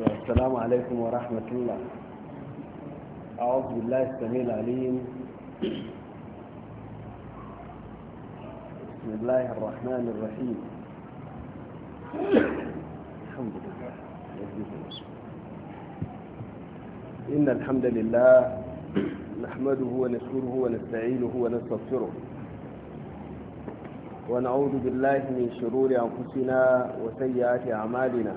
السلام عليكم ورحمة الله أعوذ بالله السميع العليم بسم الله الرحمن الرحيم الحمد لله إن الحمد لله نحمده ونشكره ونستعينه ونستغفره ونعوذ بالله من شرور أنفسنا وسيئات أعمالنا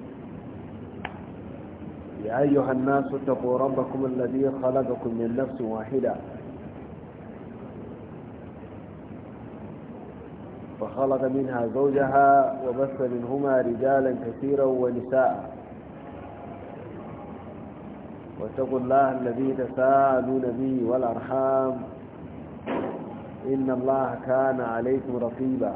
يا أيها الناس اتقوا ربكم الذي خلقكم من نفس واحدة فخلق منها زوجها وبث منهما رجالا كثيرا ونساء واتقوا الله الذي تساءلون به والأرحام إن الله كان عليكم رقيبا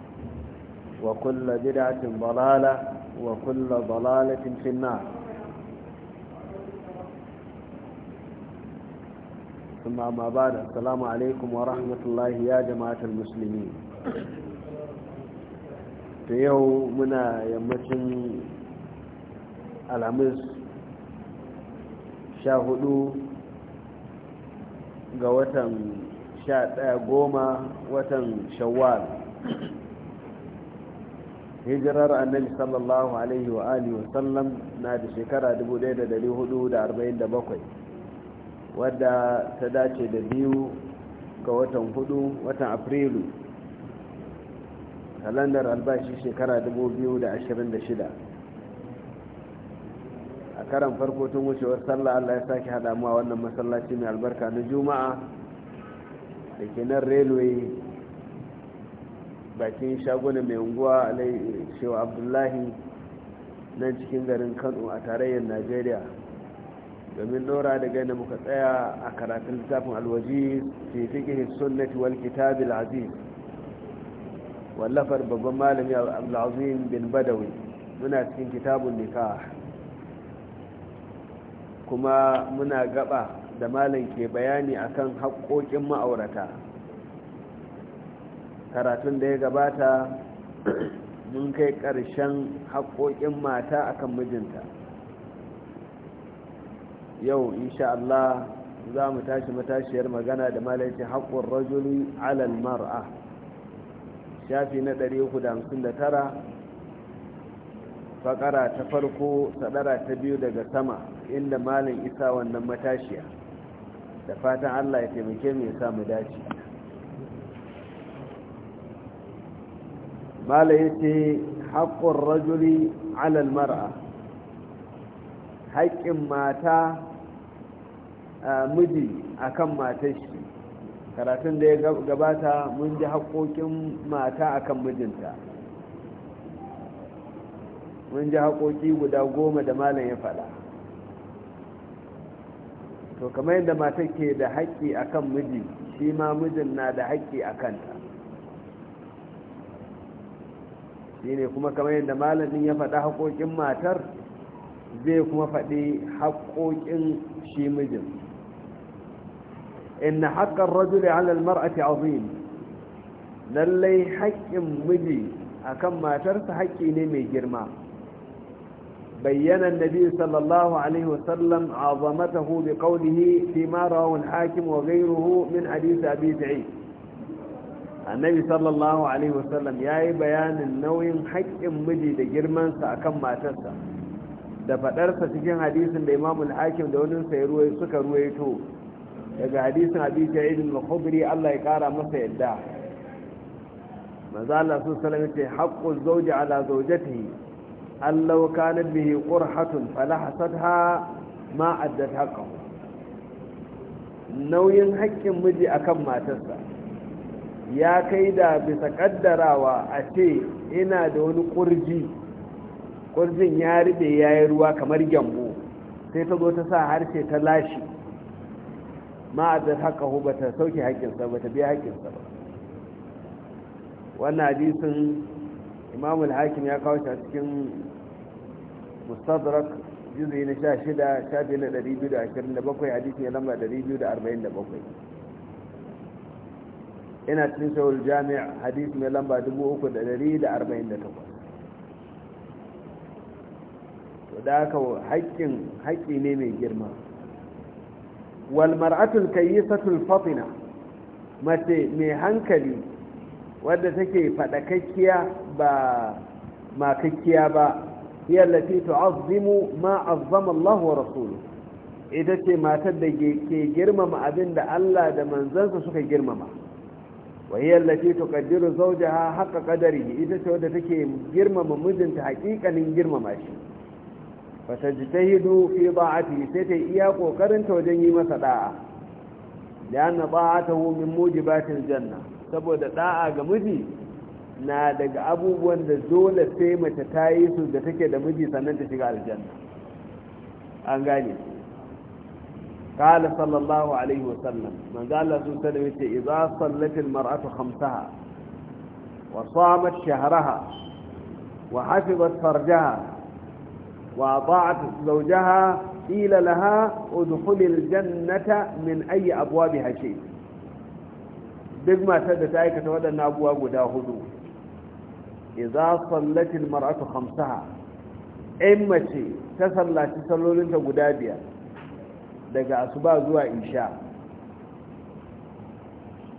وكل بدعة ضلالة وكل ضلالة في النار ثم ما بعد السلام عليكم ورحمة الله يا جماعة المسلمين في يومنا منا يمتن العمز شاهدوا قوة watan sha وتن شوال hijirar annabi sallallahu alaihi wa alihi wasallam na da shekara 1447 wadda ta dace da biyu ga watan hudu watan afrilu kalandar albashi shekara 2026 a karan farko tun wucewar sallah allah ya sake hada mu a wannan masallaci mai albarka na juma'a da ke railway bakin shagunan mai unguwa lai shewa abdullahi nan cikin garin kano a tarayyar najeriya domin dora da gani muka tsaya a karatun littafin alwaji fi fikihin sunnati wal kitabil aziz wallafar babban malami abdulazim bin badawi muna cikin kitabun nika kuma muna gaba da malam ke bayani akan haƙoƙin ma'aurata karatun da ya gabata mun kai ƙarshen haƙoƙin mata akan mijinta yau insha Allah za mu tashi matashiyar magana da malaiti haƙon rajuli alal mar'a shafi na 359 faƙara ta farko saɗara ta biyu daga sama inda malin isa wannan matashiya da fatan Allah ya taimake mu ya samu dace ya yace haqqur rajuli ala mar'a haƙƙin mata miji akan matar shi karatun da ya gabata mun ji haƙƙoƙin mata akan mijinta mun ji haƙoƙi guda goma da malam ya faɗa to kamar yadda matar ke da haƙƙi akan miji shi ma mijin na da haƙƙi a kanta shine kuma kamar yadda malamin ya faɗi haƙoƙin matar zai kuma faɗi haƙoƙin shi mijin inna haƙƙar rajuli ala mar'ati azim lallai haƙƙin miji akan matarsa haƙƙi ne mai girma bayyana nabi sallallahu alaihi wasallam azamatahu biqawlihi fi ma rawahu al-hakim wa ghayruhu min hadith abi sa'id annabi sallallahu alaihi wasallam ya yi bayanin nauyin haƙƙin miji da girmansa a kan matarsa da faɗarsa cikin hadisin da imamul hakim da wani sai ruwa suka ruwaito daga hadisin hadisi ya idin makhubri allah ya ƙara masa yadda maza allah su salam ce haƙƙun zauji ala zaujatihi allau kanat bihi qurhatun falahasatha ma addat haqqahu nauyin haƙƙin miji akan matarsa ya kai da bisa kaddarawa a ce ina da wani kurji kurjin ya rube ya yi ruwa kamar gyambo sai ta zo ta sa harshe ta lashe ma'adar haka hu ba ta sauke haƙinsa ba ta biya haƙinsa ba wannan hadisin imamul hakim ya kawo shi cikin mustadrak juzi na 16 shafi na 227 hadisi ya lamba 247 ina cikin shawul jami'a hadisi mai lamba 348 da aka haƙƙin haƙƙi ne mai girma walmar'atul kayyisatul fatina mace mai hankali wadda take faɗakakkiya ba makakkiya ba hiya lati azimu ma azaman Allah wa ita ce matar da ke girmama abin da Allah da manzansa suka girmama wayyar lafi to kaddiru zauja ha haka kadari ita ce wadda take girmama mijinta hakikanin girmama shi fata ji ta hidu fi ba'ati sai ta iya kokarin ta wajen yi masa da'a da na ba'ata min muji batin janna saboda da'a ga miji na daga abubuwan da dole sai mace ta yi su da take da miji sannan ta shiga aljanna an gane قال صلى الله عليه وسلم من قال له سلمتي إذا صلت المرأة خمسها وصامت شهرها وحفظت فرجها وأطاعت زوجها قيل لها أدخل الجنة من أي أبوابها شيء بما سدت آية كتبت أن أبواب داهدو إذا صلت المرأة خمسها إما شيء تسلت تسلل أنت قدابيا daga asuba zuwa isha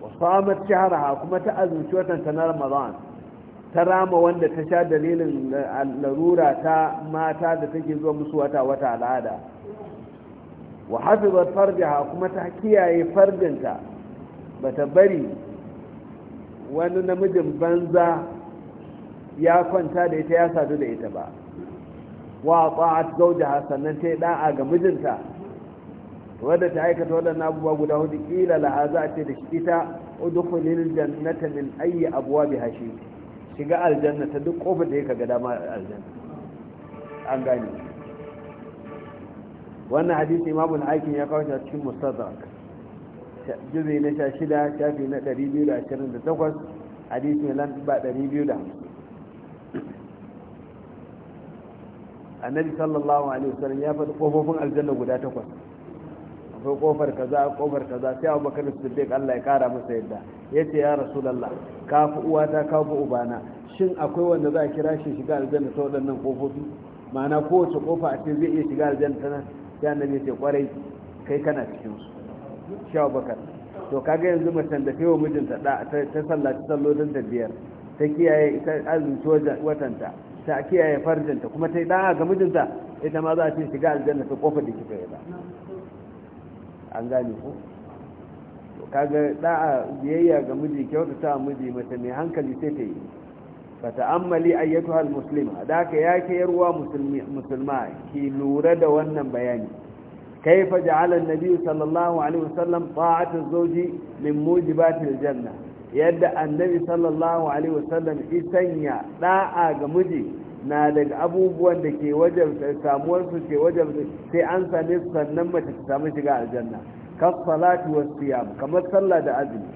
wa samat shahraha kuma ta azumci watan na ramadan ta rama wanda ta sha dalilin larura ta mata da take zuwa musu wata wata al'ada wa hafizat farjaha kuma ta kiyaye farjinta ta bari wani namijin banza ya kwanta da ita ya sadu da ita ba wa ta'at gaujaha sannan ta yi da'a ga mijinta wadda ta aikata waɗannan abubuwa guda hudu kila laha za a ce da shi ita udkhulil jannata min ayyi abwabi hashe shiga aljanna ta duk kofar da yake ga dama aljanna an gane wannan hadisi imamu al-aikin ya kawo shi a cikin mustadrak juzi na sha shida shafi na 228 hadisi na lamba 250 annabi sallallahu alaihi wasallam ya faɗi kofofin aljanna guda takwas to kofar kaza kofar kaza sai bakar siddiq Allah ya kara masa yadda yace ya rasulullah ka fi uwata ka fi ubana shin akwai wanda za a kira shi shiga aljanna ta waɗannan kofofi ma'ana kowace kofa a ce zai iya shiga aljanna ta nan sai annabi ce kwarai kai kana cikin su shi bakar to kaga yanzu macen da wa mijinta da ta sallaci sallolin da biyar ta kiyaye ta azumci watanta ta kiyaye farjinta kuma ta yi da'a ga mijinta ita ma za a ce shiga aljanna ta kofa da kika yi ba an gane ko kaga da'a biyayya ga miji kyautata miji mata mai hankali sai ta yi fata'ammali ayyatuha almuslima da ka yake yarwa musulma ki lura da wannan bayani kaifa ja'ala an-nabi sallallahu alaihi wasallam ta'ata az-zawji min mujibati al-janna yadda annabi sallallahu alaihi wasallam isanya da'a ga miji na daga abubuwan da ke wajen samuwarsu ke wajen sai an same su sannan mace ta samu shiga aljanna kan salatu wa siyam kamar sallah da azumi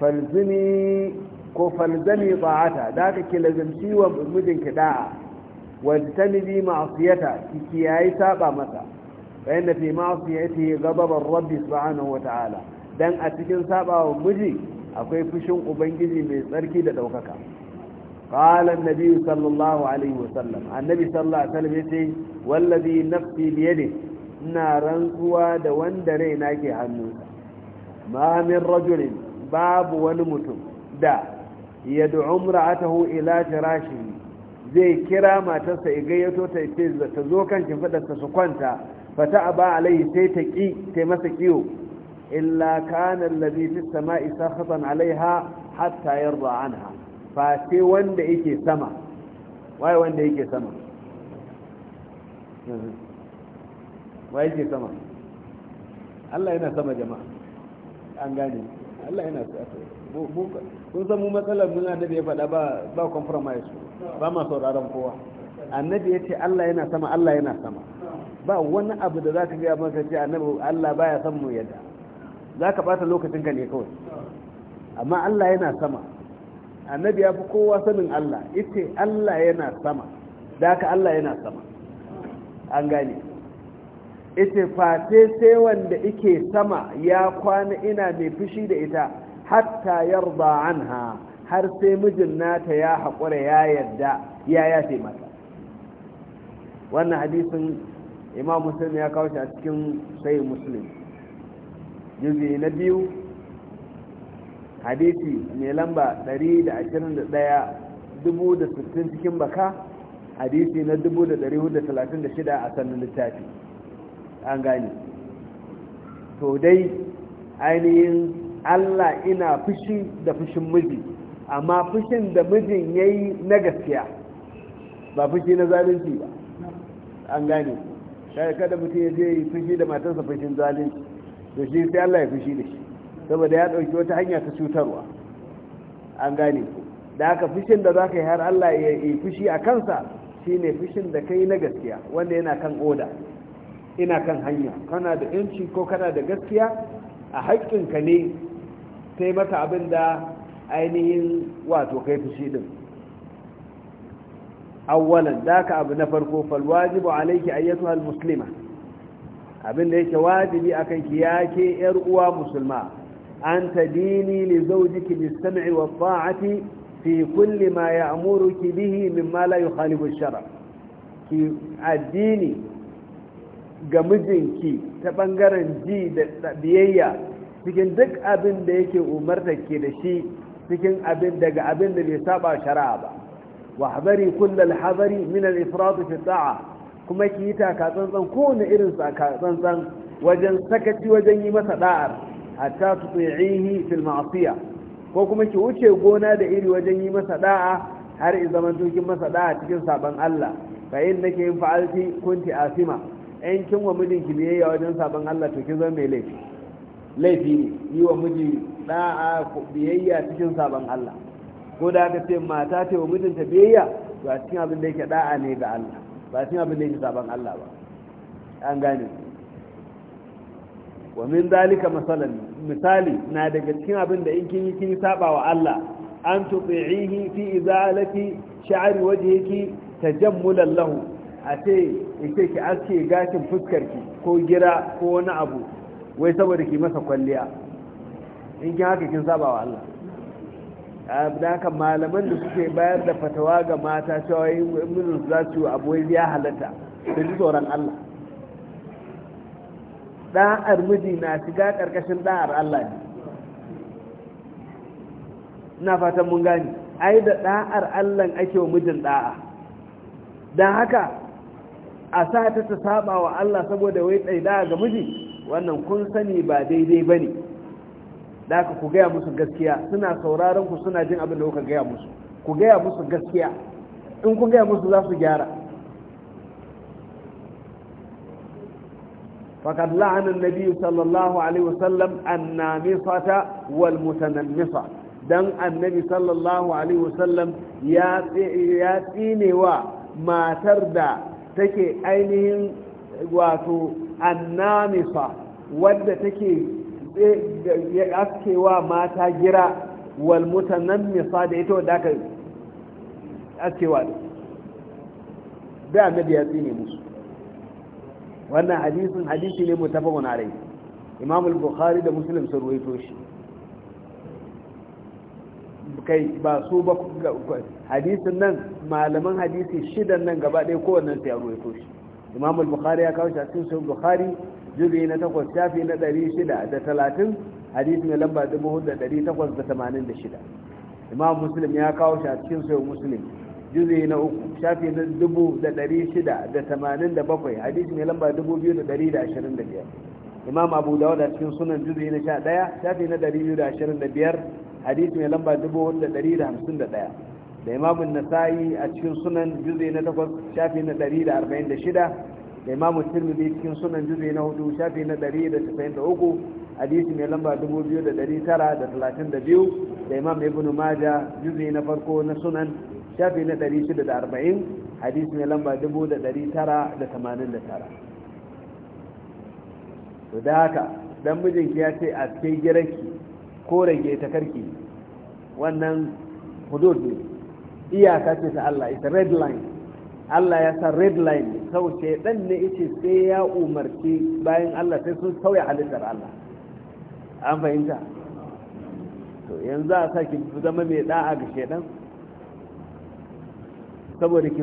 falzini ko falzani ta'ata da ka ke lazimci wa mijinki da'a nibi ma'asiyata ki kiyayi saba masa bayan da fi ma'siyati ghadab ar subhanahu wa ta'ala dan a cikin saba wa miji akwai fushin ubangiji mai tsarki da ɗaukaka. قال النبي صلى الله عليه وسلم النبي صلى الله عليه وسلم يتي والذي نفسي بيده ina rantsuwa da wanda raina ke hannunsa Mamin min rajulin babu wani mutum da ya du'u imra'atahu ila firashihi zai kira matarsa ya gayyato ta ce ta zo kan kifadarsa su kwanta fata aba alaihi sai ta ki ta masa kiyo illa kana allazi fi samai sakhatan alaiha hatta yarda anha fa wanda yake sama wai wanda yake sama mhm. wai yake sama Allah yana sama jama'a an gane Allah yana sama kun san mu matsalar mun annabi ya faɗa ba ba compromise ba ma sauraron kowa annabi ya ce Allah yana sama Allah yana sama ba wani abu da zaka ga maka ce annabi Allah baya son mu yadda zaka bata lokacin ka ne kawai amma Allah yana sama annabi ya fi kowa sanin Allah ita Allah yana sama da haka Allah yana sama an gane ita fate sai wanda ike sama ya kwana ina mai fushi da ita hatta yarda anha har sai mijin nata ya haƙura ya yarda ya yafe mata wannan hadisin imam muslim ya kawo shi a cikin sai muslim juzi na biyu hadisi mai lamba 121,060 cikin baka hadisi na shida a sannan littafi an gani to dai ainihin allah ina fushi da fushin miji amma fushin da mijin ya yi na gaskiya ba fushi na zalunci ba an gane kada mutum ya je fushi da matarsa fushin zalunci to shi sai allah ya fushi da shi saboda ya ɗauki wata hanya ta cutarwa an gane ku da aka fushin da za ka yi har Allah ya yi fushi a kansa shi ne fushin da ka yi na gaskiya wanda yana kan oda ina kan hanya kana da yanci ko kana da gaskiya a haƙƙinka ne sai mata abin da ainihin wato kai fushi din awwalan da ka abu na farko falwajibu alaiki ayyatuha almuslima abin da yake wajibi akan ki yake yar uwa musulma أن تديني لزوجك بالسمع والطاعة في كل ما يأمرك به مما لا يخالف الشرع ki addini ga mijinki ta ɓangaren ji da biyayya cikin duk abin da yake umartar ke da shi cikin abin daga abin da bai saba shari'a ba wa habari kullal habari min al-ifrat fi ta'a kuma ki yi taka tsantsan kowane irin saka tsantsan wajen sakaci wajen yi masa da'ar hatta tuti'ihi fil ma'siyah ko kuma ki wuce gona da iri wajen yi masa da'a har in zaman tukin masa da'a cikin saban Allah fa in nake yin fa'alti kunti asima in kin wa mijinki biyayya wajen saban Allah to kin zo mai laifi laifi ne yi wa miji da'a biyayya cikin saban Allah ko da aka ce mata ce wa mijinta biyayya to a cikin abin da yake da'a ne ga Allah ba cikin abin da yake saban Allah ba an gane ku wa min dalika masalan misali na daga cikin abin da in kin yi kin saba wa Allah an tuti'ihi fi izalati sha'ri wajhiki tajammulan lahu a ce ita ki aske gashin fuskarki ko gira ko wani abu wai saboda ki masa kwalliya in kin haka kin saba wa Allah da haka malaman da suke bayar da fatawa ga mata cewa yin mun za abu wai ya halatta da tsoron Allah da'ar miji na shiga ƙarƙashin da'ar Allah ne na fatan mun gani ai da da'ar Allah ake wa mijin da'a don haka a sa ta ta saba wa Allah saboda wai tsaida ga miji wannan kun sani ba daidai ba ne da ku gaya musu gaskiya suna sauraron ku suna jin abin da kuka gaya musu ku gaya musu gaskiya in ku gaya musu za su gyara فقد لعن النبي صلى الله عليه وسلم النامصة والمتنمصة دن النبي صلى الله عليه وسلم ياتيني وما تردى تكي أينهم واتو النامصة wadda take askewa mata gira wal mutanammisa da ita wadda aka askewa da annabi ya tsine musu wannan hadisin hadisi ne mutafakun alai imam al-bukhari da muslim sun ruwaito shi kai ba su ba hadisin nan malaman hadisi shidan nan gaba ɗaya kowannen sai ya ruwaito shi imam al-bukhari ya kawo shi a cikin sahih bukhari Jirgin na takwas shafi na ɗari shida da talatin hadisi mai lamba dubu hudu da ɗari takwas da tamanin da shida imam muslim ya kawo shi a cikin sahih muslim juzi na uku shafi na dubu da ɗari shida da tamanin da bakwai hadisi mai lamba dubu biyu da ɗari da ashirin da biyar imam abu dawud a cikin sunan juzi na sha ɗaya shafi na ɗari biyu da ashirin da biyar hadisi mai lamba dubu da ɗari da hamsin da ɗaya da imam nasa'i a cikin sunan juzi na takwas shafi na ɗari da arba'in da shida da imam tirmidhi cikin sunan juzi na hudu shafi na ɗari da tafayin da uku hadisi mai lamba dubu biyu da ɗari tara da talatin da biyu da imam ibn maja juzi na farko na sunan shafi na 640 hadisi na lamba 989 to da haka dan mijinki ya ce a cikin girarki ko rage ta karki wannan hudud ne iyaka ce ta Allah ita red line Allah ya sa red line ne ce dan ne ice sai ya umarci bayan Allah sai sun sauya halittar Allah an fahimta to yanzu a saki zama mai da'a ga shaidan saboda ki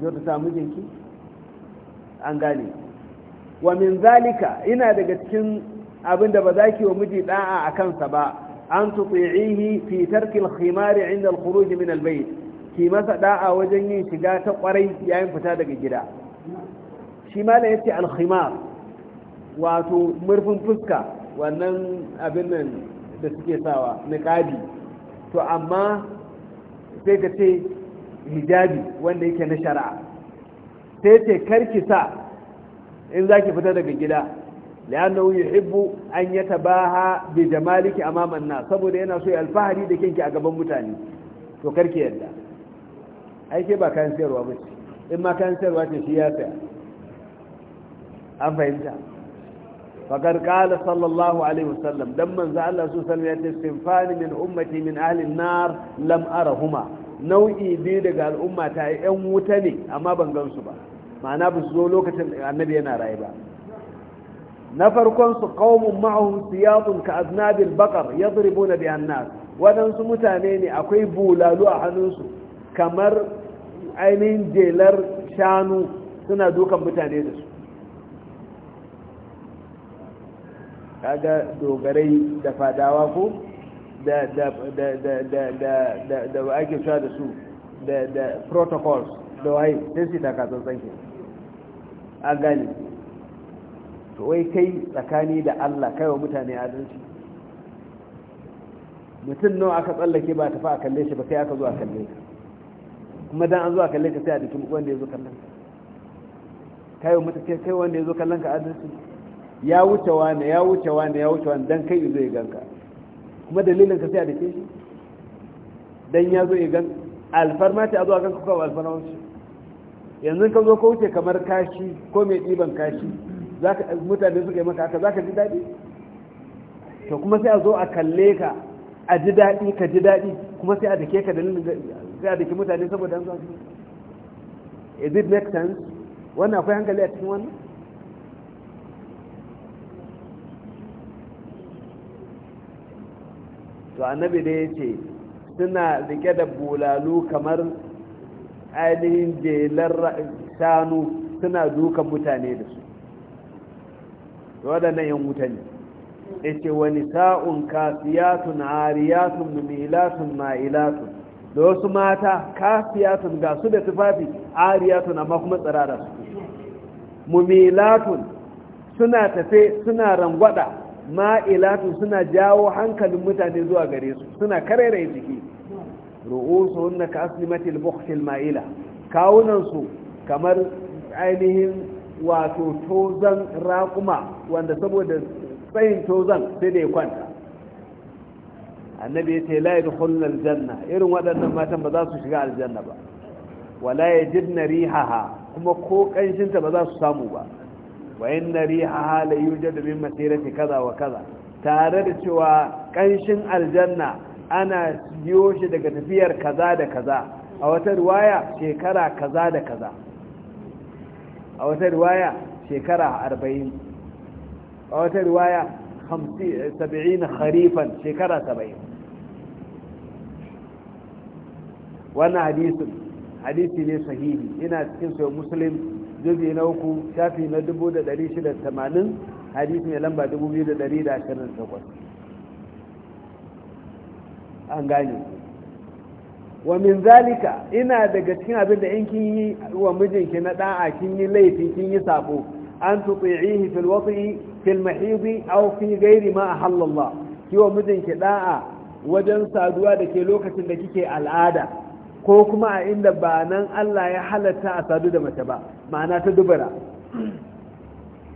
kyauta sa mijinki an gane wa min zalika ina daga cikin abin da ba za ki wa miji ɗa'a a kansa ba an tuti'ihi fi tarkil khimari 'inda al min al ki masa ɗa'a wajen yin shiga ta kwarai yayin fita daga gida shi ma yace al-khimar wato murfin fuska wannan abin nan da suke sawa niqabi to amma sai ka ce hijabi wanda yake na shari'a sai ce karki sa in za ki fita daga gida li'annahu Hibbu an yatabaha bi jamaliki amama an-nas saboda yana so ya alfahari da kinki a gaban mutane to karki yadda ai ke ba kayan sayarwa ba ce in ma kayan sayarwa ce shi ya saya an fahimta Fakar ƙala sallallahu alaihi wasallam don manzo Allah su sallam ya ce sinfani min ummati min ahlin nar lam huma. nau'i biyu daga al'umma ta yan wuta ne amma ban gansu ba ma'ana ba su zo lokacin annabi yana rayu ba na farkon su qaumun ma'ahum siyadun ka aznabil baqar yadribuna bi annas wadansu mutane ne akwai bulalu a hannunsu kamar ainihin jelar shanu suna dukan mutane da su kaga dogarai da fadawa ko da da ake sha da su da da protocols da wai sai su da katsantsan ke a gani to wai kai tsakani da Allah kai wa mutane adalci mutum nawa aka tsallake ba tafi a kalle shi ba sai aka zo a kalle ka kuma dan an zo a kalle ka sai a dukkan wanda ya zo kallon ka kai wa mutum kai wanda ya zo kallon ka adalci ya wuce wani ya wuce wani ya wuce wani dan kai zo ya ganka kuma dalilin ka sai a dake shi dan ya zo ya gan alfarma ta zo a gan kuka alfarma shi yanzu ka zo ko wuce kamar kashi ko mai ɗiban kashi mutane suka yi maka haka za ka ji daɗi to kuma sai a zo a kalle ka a ji daɗi ka ji daɗi kuma sai a dake ka dalilin sai a dake mutane saboda an a is it make sense wannan akwai hankali a cikin wannan to annabi da ya ce suna rike da bulalu kamar ainihin jelar shanu suna dukan mutane da su waɗannan yan wuta ne ya ce wani sa'un kafiyatun ariyatun numilatun ma'ilatun da wasu mata kafiyatun ga su da tufafi ariyatun amma kuma tsirara su mumilatun suna tafe suna rangwada ma'ilatu suna jawo hankalin mutane zuwa gare su suna karere jiki ru'usu wanda ka aslimatil bukhtil ma'ila kawunansu kamar ainihin wato tozan raƙuma wanda saboda tsayin tozan sai da ya kwanta annabi ya ce la yadkhulna aljanna irin waɗannan matan ba za su shiga aljanna ba wala yajidna rihaha kuma ko ƙanshinta ba za su samu ba wa inna rihaha la yujadu min masirati kaza wa kaza tare da cewa kanshin aljanna ana yiwo shi daga tafiyar kaza da kaza a wata riwaya shekara kaza da kaza a wata riwaya shekara 40 a wata riwaya 50 70 kharifan shekara 70 wannan hadisin hadisi ne sahihi ina cikin sayo muslim jirgi na uku shafi na 1680 hadisi mai lamba 2228 an gane wa min zalika ina daga cikin abin da in kin yi wa mijinki na da'a kin yi laifi kin yi sabo an tuti'ihi fil wati fil mahidi aw fi ghairi ma ahalla Allah ki wa mijinki da'a wajen saduwa da ke lokacin da kike al'ada ko kuma a inda ba nan Allah ya halatta a sadu da mace ba ma'ana ta dubara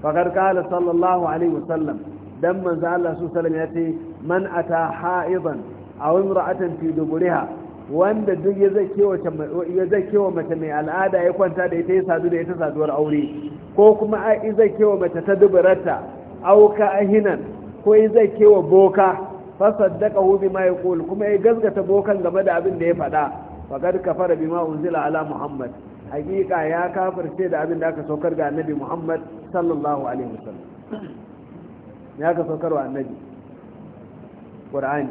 faƙar sallallahu alaihi wasallam don manzo Allah su salam ya ce man a ta ha'iban a wani ra'atan fi duburiha wanda duk ya zai kewa mace mai al'ada ya kwanta da ita ya sadu da ita saduwar aure ko kuma a zai kewa mace ta duburarta auka ahinan ko ya zai kewa boka fasaddaka hu ma yaqul kuma ya gazgata bokan game da abin da ya faɗa faqad kafara bima unzila ala muhammad hakika ya kafirce da abin da aka saukar ga annabi muhammad sallallahu alaihi wasallam ya ka saukar wa annabi ƙur'ani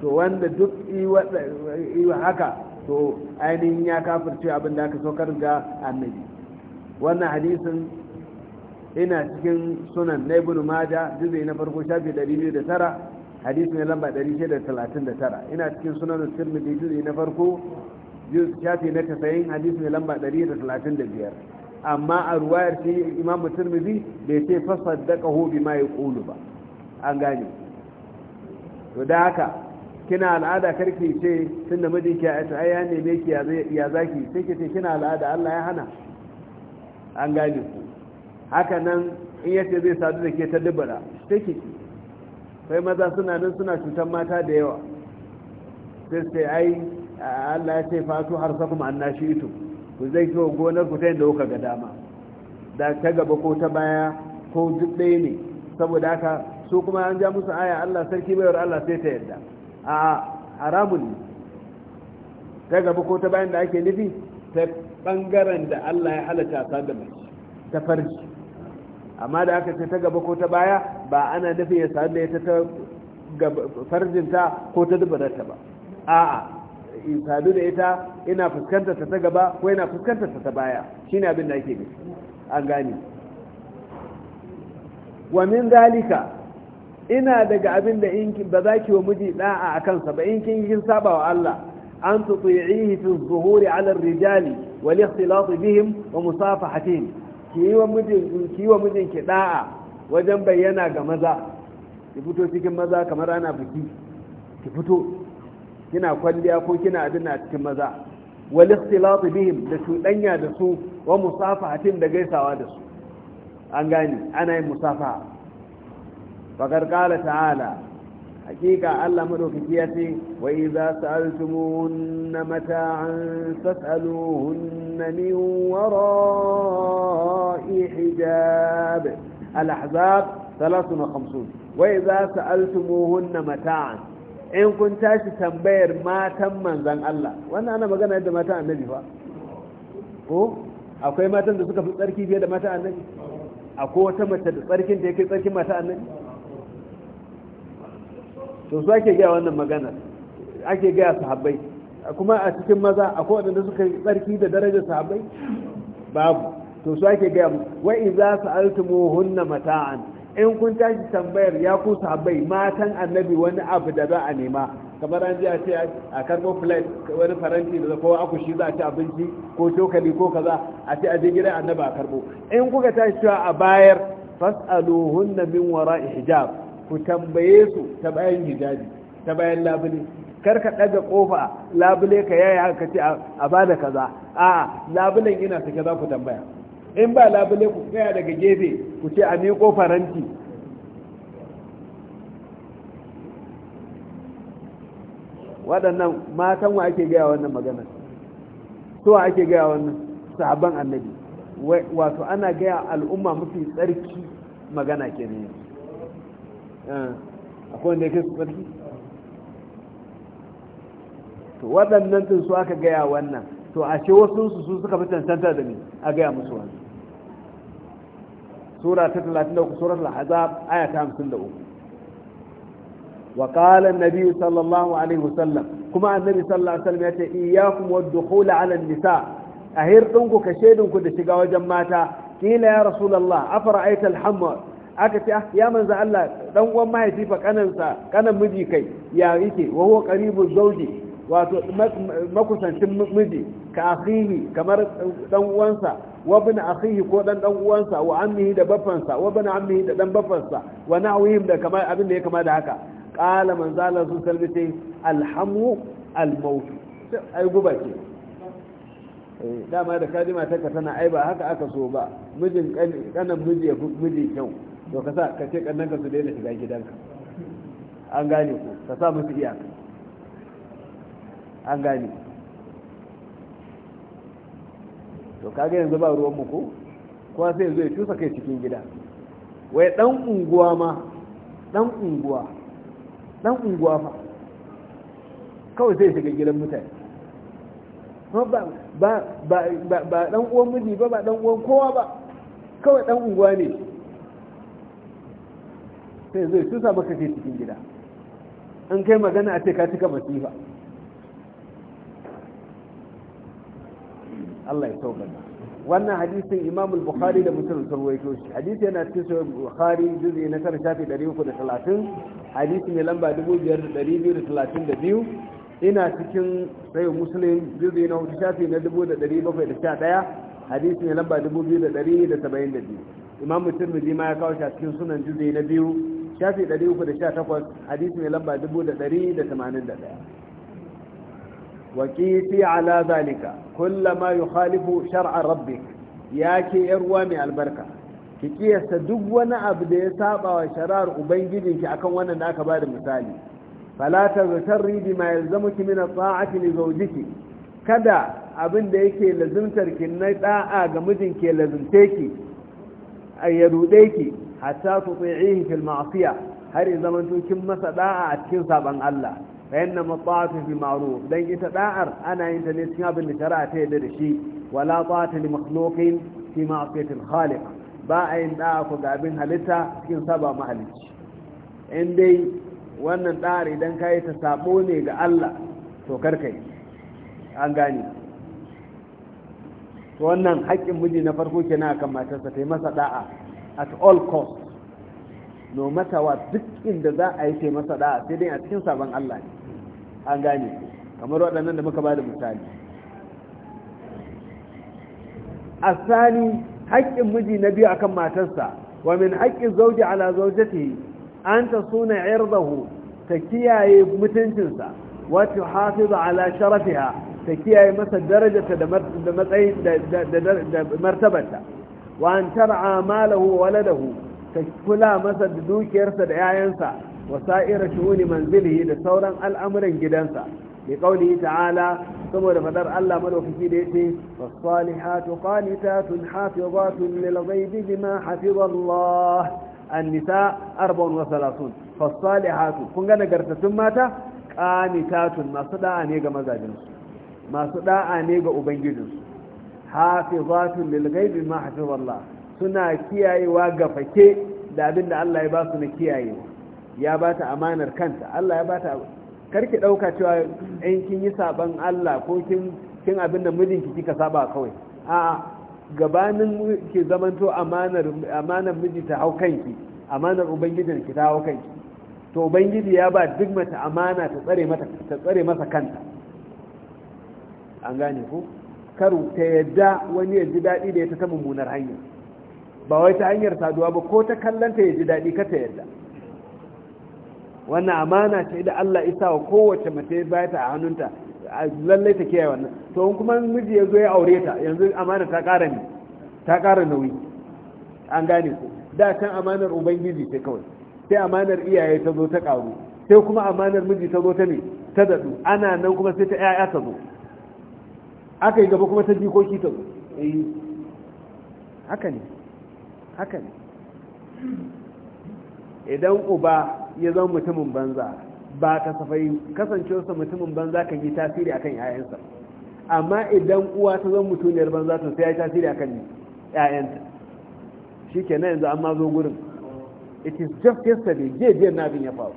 to wanda duk iwa haka to ainihin ya kafirce abin da aka saukar ga annabi wannan hadisin ina cikin sunan na ibn maja juz'i na farko shafi 209 hadisi ne lamba 639 ina cikin sunan tirmidhi juz'i na farko shafi na tasayin hadisi ne lamba 135 amma a ruwayar shi imamu turmizi bai ce fasad da ƙaho bi ma ya ƙulu ba an gane to da haka kina al'ada karki ce tun da mijin ki a ai ya neme ki ya zaki sai ki ce kina al'ada Allah ya hana an gane ku haka nan in yace zai sadu da ke ta dubara sai ki sai maza suna nan suna cutar mata da yawa sai sai ai Allah ya ce fatu harsakum ito, ku zai so gonar ku ta yadda kuka ga dama da ta gaba ko ta baya ko duk ɗaya ne saboda haka su kuma an ja musu aya Allah sarki bayar Allah sai ta yadda a haramun ne ta gaba ko ta bayan da ake nufi ta bangaren da Allah ya halatta ta da mai ta farji amma da aka ce ta gaba ko ta baya ba ana nufin ya sadu da ita ta farjinta ko ta dubarata ba a'a in sadu da ita ina fuskantar ta gaba ko ina fuskantar ta baya shine abin da ake nufi an gane wa min zalika ina daga abin da in ba za ki wa miji da'a a kansa ba in kin kin saba wa Allah an tuti'ihi fi zuhuri 'ala ar-rijali wal ikhtilat bihim wa musafahatihim ki wa mijin ki wa mijin ki da'a wajen bayyana ga maza ki fito cikin maza kamar ana biki ki fito kina kwalliya ko kina abin a cikin maza wal ikhtilat bihim da cuɗanya da su wa musafahatin da gaisawa da su an gani ana yin musafaha faqad qala ta'ala hakika Allah madaukaki ya ce wa idza sa'altumun mata'an fas'aluhunna min wara'i hijab al-ahzab 53 wa idza sa'altumuhunna mata'an in kun tashi tambayar matan manzan Allah wannan ana magana yadda matan annabi ba ko akwai matan da suka fi tsarki biye da matan annabi akwai wata mace da tsarkin da yake tsarkin matan annabi to su ake gaya wannan magana ake gaya sahabbai kuma a cikin maza akwai waɗanda suka yi tsarki da darajar sahabbai babu to su ake gaya wa iza sa'altumuhunna mata'an in kun tashi tambayar ya ku sabai matan annabi wani abu da za a nema kamar an ji a ce a karbo flight wani faranti da kowa aku shi za a ci abinci ko cokali ko kaza a ce a je gidan annabi a karbo in kuka tashi cewa a bayar fas'aluhunna min wara'i hijab ku tambaye su ta bayan hijabi ta bayan labule kar ka daga kofa labule ka yaya ka ce a bada kaza a labulen ina sake za ku tambaya in ba labule ku tsaya daga gefe ku ce a miƙo faranti waɗannan matan wa ake gaya wannan maganar suwa ake gaya wannan sahabban annabi wato ana gaya al'umma mafi tsarki magana ke ne eh, akwai wanda yake su tsarki to waɗannan tun su aka gaya wannan to a ce wasu su suka fi cancanta da ni a gaya musu wannan sura ta talatin da 33 suratul ahzab aya ta 53 wa qala an-nabi sallallahu alaihi wasallam kuma annabi sallallahu alaihi wasallam yace iyyakum wad-dukhul ala an-nisa ahir dinku ka shedin ku da shiga wajen mata kila ya rasulullah afara'aita al-hamma aka ce ya manzo Allah dan uwan mahaifi fa kanansa kanan miji kai ya yake wa huwa qaribu zawji wato makusancin miji ka akhihi kamar dan uwansa wa ibn akhihi ko dan dan uwansa wa ammihi da bafansa wa ammihi da dan bafansa wa na'wihim da kamar abin da ya kama da haka qala man zala su salbite alhamu almaut ai guba ce eh, dama da kadima ta tana ai ba haka aka so ba mijin kanan miji ya miji kyau to ka sa ka ce kannan ka su daina shiga gidanka an gane ku ka sa musu iyaka an gane ku to kaga yanzu ba ruwan mu ko kuma sai yanzu ya cusa kai cikin gida wai dan unguwa ma dan unguwa dan unguwa fa kawai sai shiga gidan mutane ba ba ba dan uwan miji ba ba dan uwan kowa ba kawai dan unguwa ne sai zai cusa maka kai cikin gida an kai magana a ce ka cika masifa Allah ya tauba wannan hadisin Imam al-Bukhari da Muslim sun rawaito shi hadisi yana cikin sahih Bukhari juz'i na 9 shafi 330 hadisi ne lamba 2232 ina cikin sahih Muslim juz'i na 4 shafi na 1711 hadisi ne lamba 2172 Imam Tirmidhi ma ya kawo shi a cikin sunan juz'i na biyu shafi 318 hadisi ne lamba 1181 وكيتي على ذلك كل ما يخالف شرع ربك ياكي إروا من البركة كيكيس دون أبدي سابع وشرار أبنجدك أكون وانا أكبر مثالي فلا تغتري بما يلزمك من الطاعة لزوجك kada abin da yake lazimtarki na da'a ga mijinki lazimte ki ya rude ki hatta tuti'ihi fil ma'siya har zaman kin masa da'a a cikin saban Allah فإنما الطاعة بالمعروف دين يتداعر أنا إنت نسيا بالنشراء تيدرشي ولا طاعة لمخلوق في معصية الخالق باع إن داعك وقابين هلتا كن سبا مهلج عندي وأن الدار إذن cikin تسابوني لألا توكركي dai wannan haƙƙin miji na farko kenan akan matarsa ta masa da'a at all cost no matter what duk za a yi sai masa da'a sai dai a cikin sabon Allah ne an gane kamar waɗannan da muka ba da misali a sani haƙƙin miji na biyu akan matarsa wa min haƙƙin zauji ala zaujatihi an ta suna irdahu ta kiyaye mutuncinsa wata hafiza ala sharafiha ta kiyaye masa darajarta da matsayi da martabarta wa an tar'a malahu wa waladahu ta kula masa da dukiyarsa da 'ya'yansa wa sa'ira shu'uni manzilihi da sauran al'amuran gidansa bi qawlihi ta'ala saboda fadar Allah madaukaki da yace was-salihatu qanitatun hafizatun lil ghaibi bima hafiza Allah an-nisa 34 fas-salihatu kun ga nagartattun mata qanitatun masu da'a ne ga mazajinsu masu da'a ne ga ubangijinsu hafizatun lil ghaibi ma hafiza Allah suna kiyayewa ga fake da abin da Allah ya ba su na kiyayewa ya ba ta amanar kanta Allah ya ba ta karki ɗauka cewa in kin yi saban Allah ko kin kin abin da mijinki kika saba kawai a gabanin ki zamanto amanar amanar miji ta hau kanki amanar ubangijin ki ta hau kanki to ubangiji ya ba duk mata amana ta tsare mata ta tsare masa kanta an gane ko karu ta yadda wani ya ji daɗi da ya ta mummunar hanya ba wai ta hanyar saduwa ba ko ta kallanta ya ji daɗi ka ta yadda wannan amana ce da Allah isa wa kowace mace ya bayata a hannunta lallai ta kiyaye wannan to in kuma miji ya zo ya aure ta yanzu amana ta ƙara ne ta ƙara nauyi an gane ku da kan amanar ubangiji ce kawai sai amanar iyaye ta zo ta ƙaru sai kuma amanar miji ta zo ta ne ta daɗu ana nan kuma sai ta ƴaƴa ta zo aka yi gaba kuma ta jikoki ta zo eh haka ne haka ne idan uba ya zama mutumin banza ba kasafai kasancewarsa mutumin banza kan yi tasiri akan 'ya'yansa amma idan uwa ta zama mutuniyar banza to sai ya yi tasiri akan 'ya'yanta shi ke na yanzu an ma zo gurin it is just yesterday jejiyar na abin ya faru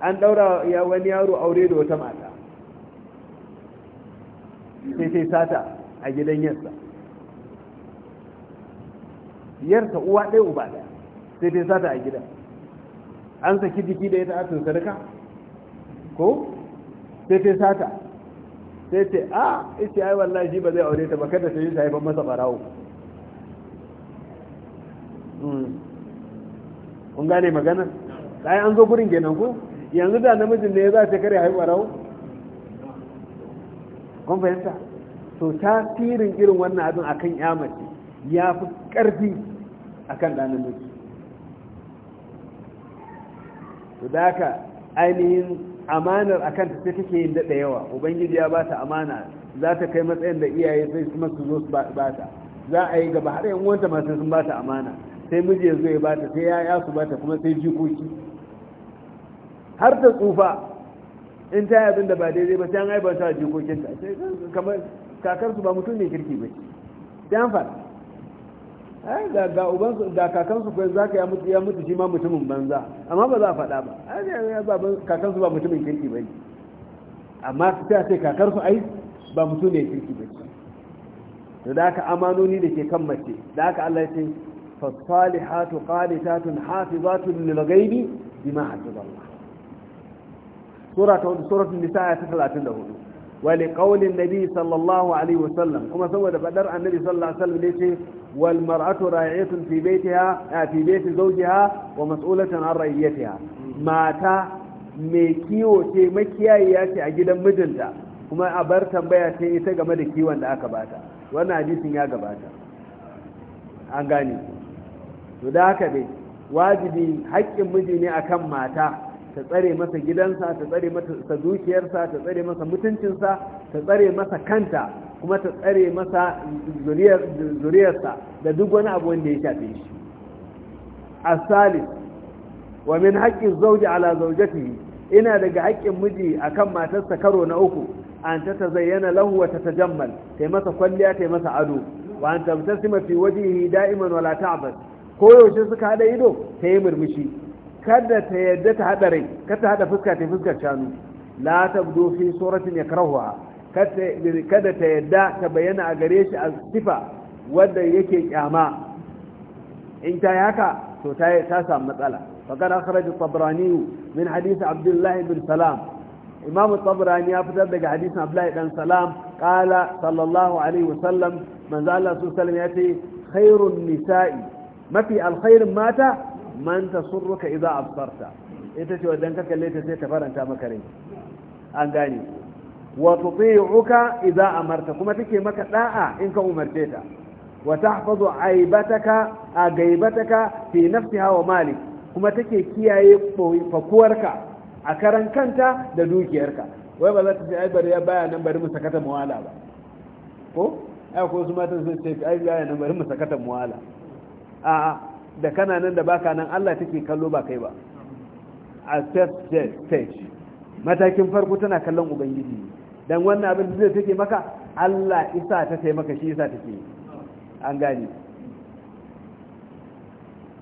an daura ya wani yaro aure da wata mata sai sai sata a gidan yarsa yarsa uwa ɗaya uba ɗaya sai sai sata a gidan an saki jiki da ya ta'atun sadaka ko sai ta sata sai ta a ita ai wallahi shi ba zai aure ta ba kada ta yi ta haifan masa barawo hmm. kun gane magana sai an zo gurin kenan ku yanzu da namijin ne ya za ta kare haihuwa rawo kun fahimta to tirin irin wannan abin akan ya mace ya fi karfi akan ɗanin mutu. to da haka ainihin amanar a kanta sai take yin daɗa yawa ubangiji ya ba ta amana za ta kai matsayin da iyaye sai kuma su zo su ba ta za a yi gaba har yan wanta masu sun ba ta amana sai miji ya zo ya ba ta sai ya su ba ta kuma sai jikoki har ta tsufa in ta yi abin da ba daidai ba sai an aibanta jikokinta sai kamar kakar su ba mutum ne kirki ba sai an ga ubansu ga kakansu ko za ka ya mutu shi ma mutumin banza amma ba za a faɗa ba kakansu ba mutumin kirki ba ne amma su ta ce kakarsu ai ba mutum ne kirki ba to da aka amanoni da ke kan mace da aka Allah ya ce fasalihatu qanitatun bi ma ghaibi ba hafizallah sura ta suratul nisa ta 34 ولقول النبي صلى الله عليه وسلم كما kuma saboda بدر النبي صلى الله عليه ne ليه والمرأة راعية في بيتها في بيت زوجها ومسؤولة عن رعيتها ماتا mai kiwo ce makiyayiya ce a gidan mijinta kuma a bar tambaya ce ita game da kiwon da aka bata wannan hadisin ya gabata an gane to haka wajibi hakkin miji ne akan mata ta tsare masa gidansa ta tsare masa dukiyarsa ta tsare masa mutuncinsa ta tsare masa kanta kuma ta tsare masa zuriyarsa da duk wani abu wanda ya shafe shi asali wa min haƙƙin zauji ala zaujati ina daga haƙƙin miji akan matarsa karo na uku an ta ta zayyana lahu wa ta tajammal ta masa kwalliya ta masa ado wa an tamtasima fi wajihi da'iman wala ta'bas yaushe suka hada ido ta yi murmushi kada ta yadda ta hada rai kada ta hada fuska ta fuskar shanu la tabdu fi suratin yakrahuha kada ta yadda ta bayyana a gare shi a sifa wadda yake kyama in ta yi haka to ta samu matsala faƙar akhraj tabrani min hadisi abdullahi bin salam imam tabrani ya fitar daga hadisin abdullahi dan salam qala sallallahu alaihi wasallam manzo Allah su sallam ya ce khairun nisa'i mafi alkhairin mata man tasurruka idza absarta ita ce wadan ka kalle ta sai ta faranta maka rai an gane wa tuti'uka idza amarta kuma take maka da'a in ka umarce ta wa tahfazu aibataka a gaibataka fi nafsiha wa mali kuma take kiyaye fakuwarka a karan kanta da dukiyarka wai ba za ta ce ai bari ya baya nan bari mu sakata muwala ba ko ai ko su matan sun ce ai baya nan bari mu sakata muwala a da kana nan da baka nan Allah take kallo ba kai ba a step stage matakin farko tana kallon ubangiji dan wannan abin da zai take maka Allah isa ta taimaka maka shi isa take an gani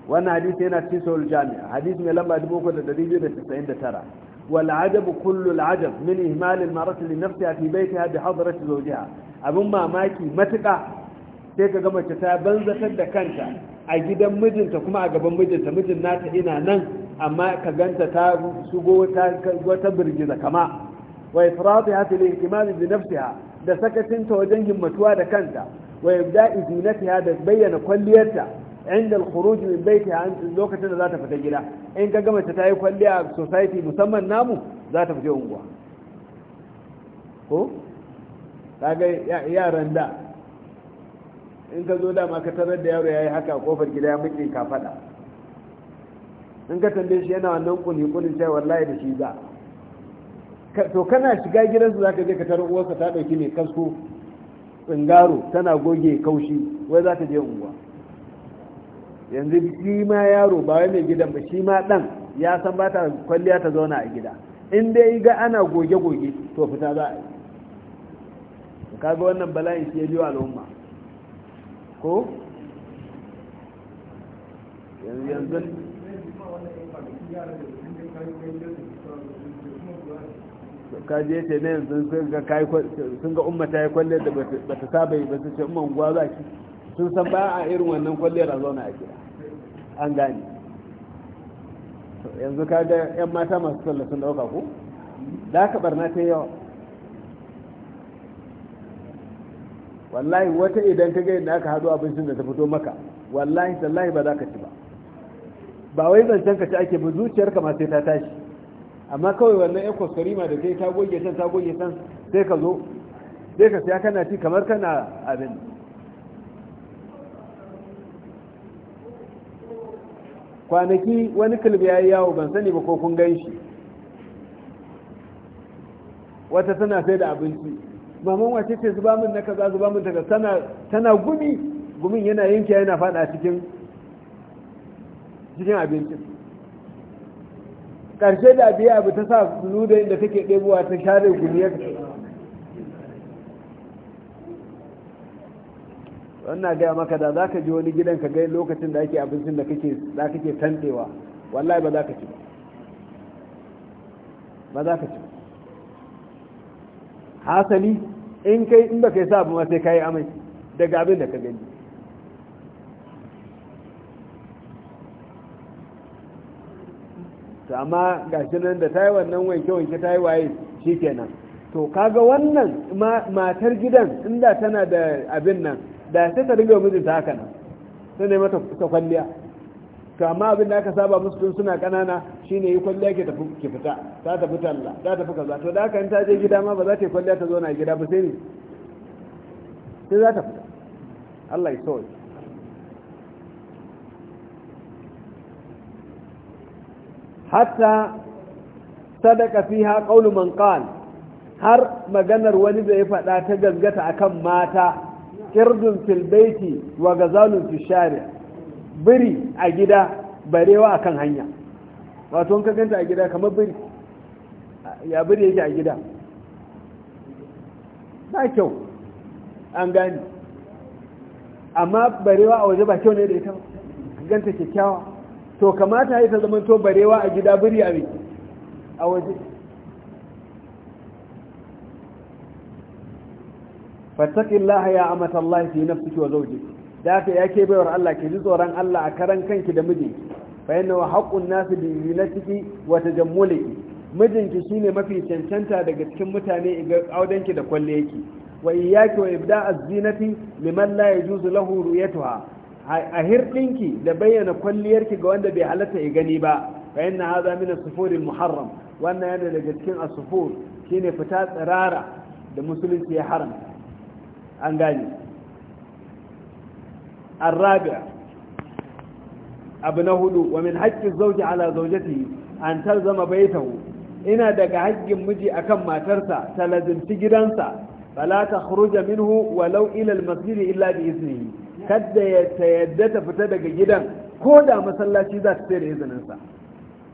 wannan hadisi yana cikin sahih jami hadisi mai lamba 3299 wal ajab kullu al ajab min ihmal al mar'at li nafsiha fi baytiha bi hadrat zawjiha abun mamaki matuka sai ka gama ta banzatar da kanta a gidan mijinta kuma a gaban mijinta mijin nata ina nan amma ka ganta ta shigo ta wata birgiza kama wa ifratiha fil ihtimam bi nafsiha da sakacinta wajen himmatuwa da kanta wa ibda'i zinatiha da bayyana kwalliyarta inda al-khuruj min baytiha lokacin da za ta fita gida in ka gama ta yi kwalliya a society musamman namu za ta fita unguwa ko kaga yaran da in ka zo dama ka tarar da yaro yayi haka kofar gida ya muke ka fada in ka tambaye shi yana wannan kuni kunin sai wallahi da shi za to kana shiga gidansu za ka je ka taro uwarka ta ɗauki mai kasko tsingaro tana goge kaushi wai za ta je unguwa yanzu shi ma yaro ba wai mai gidan ba shi ma dan ya san ba ta kwalliya ta zauna a gida in dai ga ana goge-goge to fita za a yi kaga wannan bala'in shi ya biyo al'umma ko yanzu yanzu ka je ce ne yanzu sun ga ummata ya kwallo da ba ta saba yi ba su ce umar gwa za ki sun san ba a irin wannan kwallo a zauna a gida an gane yanzu ka ga yan mata masu sallah sun dauka ko da aka barna ta yawa wallahi wata idan ka gani da aka hado abincin da ta fito maka wallahi tallahi ba za ka ci ba ba wai zancen ka ci ake ba zuciyarka ma sai ta tashi amma kawai wannan ya kwaskarima da kai ta goge can ta goge can sai ka zo sai ka siya kana ci kamar kana abin kwanaki wani kilib ya yi yawo ban sani ba ko kun gan shi wata tana sai da abinci maman wace ce zuba min na kaza zuba min daga tana tana gumi gumin yana yanke yana fada cikin cikin abincin ƙarshe da biya abu ta sa ludayin da take ɗebowa ta share guliyar wannan gaya maka da za ka ji wani gidan ka gai lokacin da ake abincin da kake tantewa wallahi ba za ka ci ba za ka ci hasali in kai in ba kai sa abu ma sai ka yi amai daga abin da ka gani to amma ga shi nan da ta yi wannan wanke-wanke ta yi waye shi kenan to kaga wannan matar gidan inda tana da abin nan da ta ta riga mijinta haka nan sai ne mata ta kwalliya to amma abin da aka saba musu tun suna kanana shine yi kwalliya ke tafi ki fita ta tafi talla ta tafi kaza to da haka in ta je gida ma ba za ta yi kwalliya ta zo na gida ba sai ne sai za ta fita Allah ya sauya hatta sadaka fiha qawlu man qala har maganar wani da ya faɗa ta gaskata akan mata kirdun fil baiti wa gazalun fil shari biri a gida barewa akan hanya wato ka ganta a gida kamar biri ya biri yake a gida ba kyau an gani amma barewa a waje ba kyau ne da ita ganta kyakkyawa to kamata yi ta zama to barewa a gida biri a a waje fattaqillaha ya amatallahi fi na fito zawjiki da ya yake baiwar Allah ke ji tsoron Allah a karan kanki da mijinki fa nasu wa yi na ciki wata jammule ki mijinki shine mafi cancanta daga cikin mutane ga audanki da kwalle yake wa iyyaki wa ibda'a zinati liman la yajuzu lahu ru'yatuha a hirɗinki da bayyana kwalliyarki ga wanda bai halatta ya gani ba bayan na haza mina sufurin muharram wannan yana daga cikin a sufur shi ne fita tsirara da musulunci ya haram an gani abu na hudu wa min haƙƙin zauji ala zaujati an talzama baitahu ina daga haƙƙin miji akan matarsa ta lazimci gidansa fala ta khruja minhu walau ila al-masjid illa bi iznihi Kadda ya yadda ta fita daga gidan ko da masallaci za ta da izininsa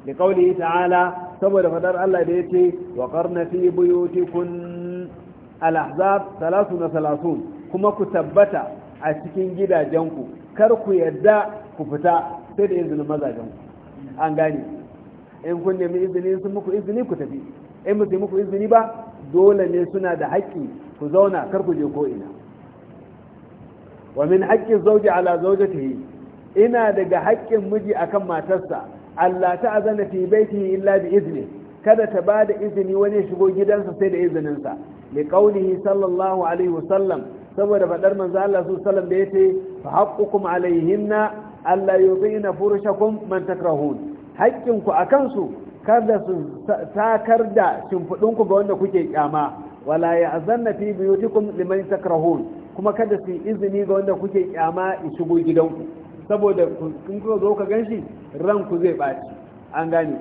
da kauli ta'ala saboda fadar Allah da ya ce wa karna fi buyutikun al na 33 kuma ku tabbata a cikin gidajenku kar ku yadda ku fita sai da izinin mazajenku an gane in kun nemi izini sun muku izini ku tafi in ba su muku izini ba dole ne suna da haƙƙi ku zauna kar ku je ko ina wa min haƙƙin zauji ala zaujatihi ina daga haƙƙin miji akan matarsa Allah ta azana fi baitihi illa bi izni kada ta ba da izini wani shigo gidansa sai da izininsa li qawlihi sallallahu alaihi wasallam saboda fadar manzo Allah su sallam da yace fa haqqukum alaihinna alla yudina furushakum man takrahun haƙƙinku akan su kada su takar da ku ga wanda kuke kyama wala azanna fi biyutikum liman takrahun kuma kada su izini ga wanda kuke kyama in shigo gidanku saboda kun ku zo ka ganshi ranku zai baci an gane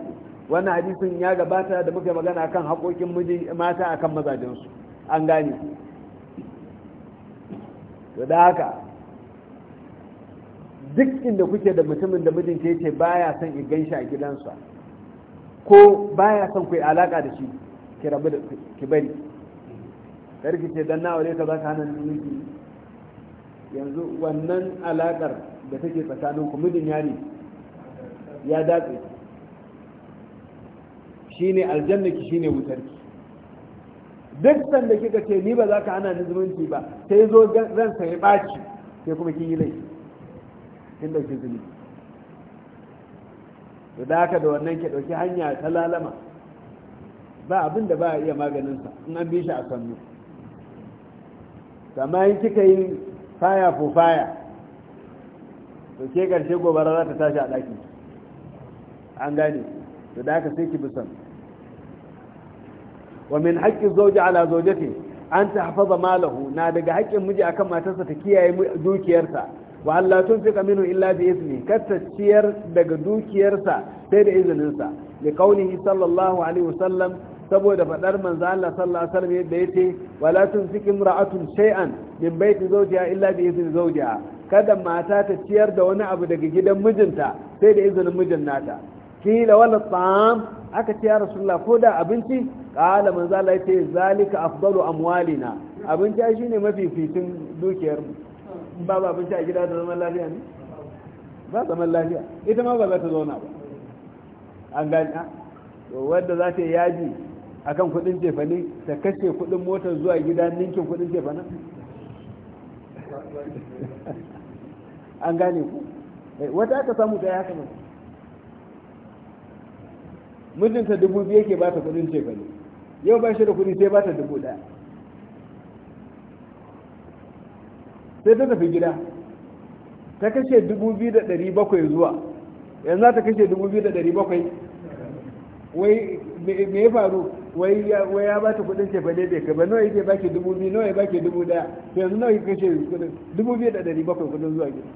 ku wannan hadisin ya gabata da muke magana akan haƙoƙin miji mata akan mazajensu an gane ku to da haka duk inda kuke da mutumin da mijin ke ce baya son ya ganshi a gidansa ko baya son ku yi alaka da shi ki rabu da ki bari karki ce dan na aure ka za ka hana ni yanzu wannan alakar da take tsakanin ku mijin ya ne ya datse ne aljannaki shine wutarki duk sanda kika ce ni ba za ka hana ni zumunci ba sai zo ransa sai ɓaci sai kuma kin yi laifi kin dauki zunubi da haka da wannan ke dauki hanya ta lalama ba abin ba a iya maganinsa in an bi shi a sannu amma kika yi faya fo faya to ke karshe gobara za ta tashi a ɗaki an gane to da aka sai ki bisan wa min haƙƙi zoji ala zaujati an ta hafaza malahu na daga haƙƙin miji akan matarsa ta kiyaye dukiyarsa wa Allah tun fi kaminu illa bi izni katta ciyar daga dukiyarsa sai da izininsa li qaulihi sallallahu alaihi wasallam saboda faɗar manzo Allah sallallahu alaihi wasallam yadda yace wala tunfiqu imra'atun shay'an min baiti zawjiha illa bi izni zawjiha kada mata ta ciyar da wani abu daga gidan mijinta sai da izinin mijin nata kila wala ta'am aka ce ya rasulullah ko da abinci qala manzo Allah yace zalika afdalu amwalina abinci shine fitin dukiyar mu ba ba abinci a gida da zaman lafiya ne ba zaman lafiya ita ma ba za ta zauna ba an gani wadda za ta yi yaji akan kudin cefane ta kashe kudin motar zuwa gida ninkin kudin tefani an gane ku eh, wata aka samu ta ya haka mijinta dubu biyu ke bata kudin cefane yau ba shi da kudi sai bata dubu daya sai ta tafi gida ta kashe dubu biyu da dari bakwai zuwa yanzu ta kashe dubu biyu da dari bakwai wai me ya faru wai ya ba ta kudin ce bane bai ba nawa yake baki dubu biyu nawa ya baki dubu daya to yanzu nawa yake kashe kudin dubu biyu da dari bakwai kudin zuwa gida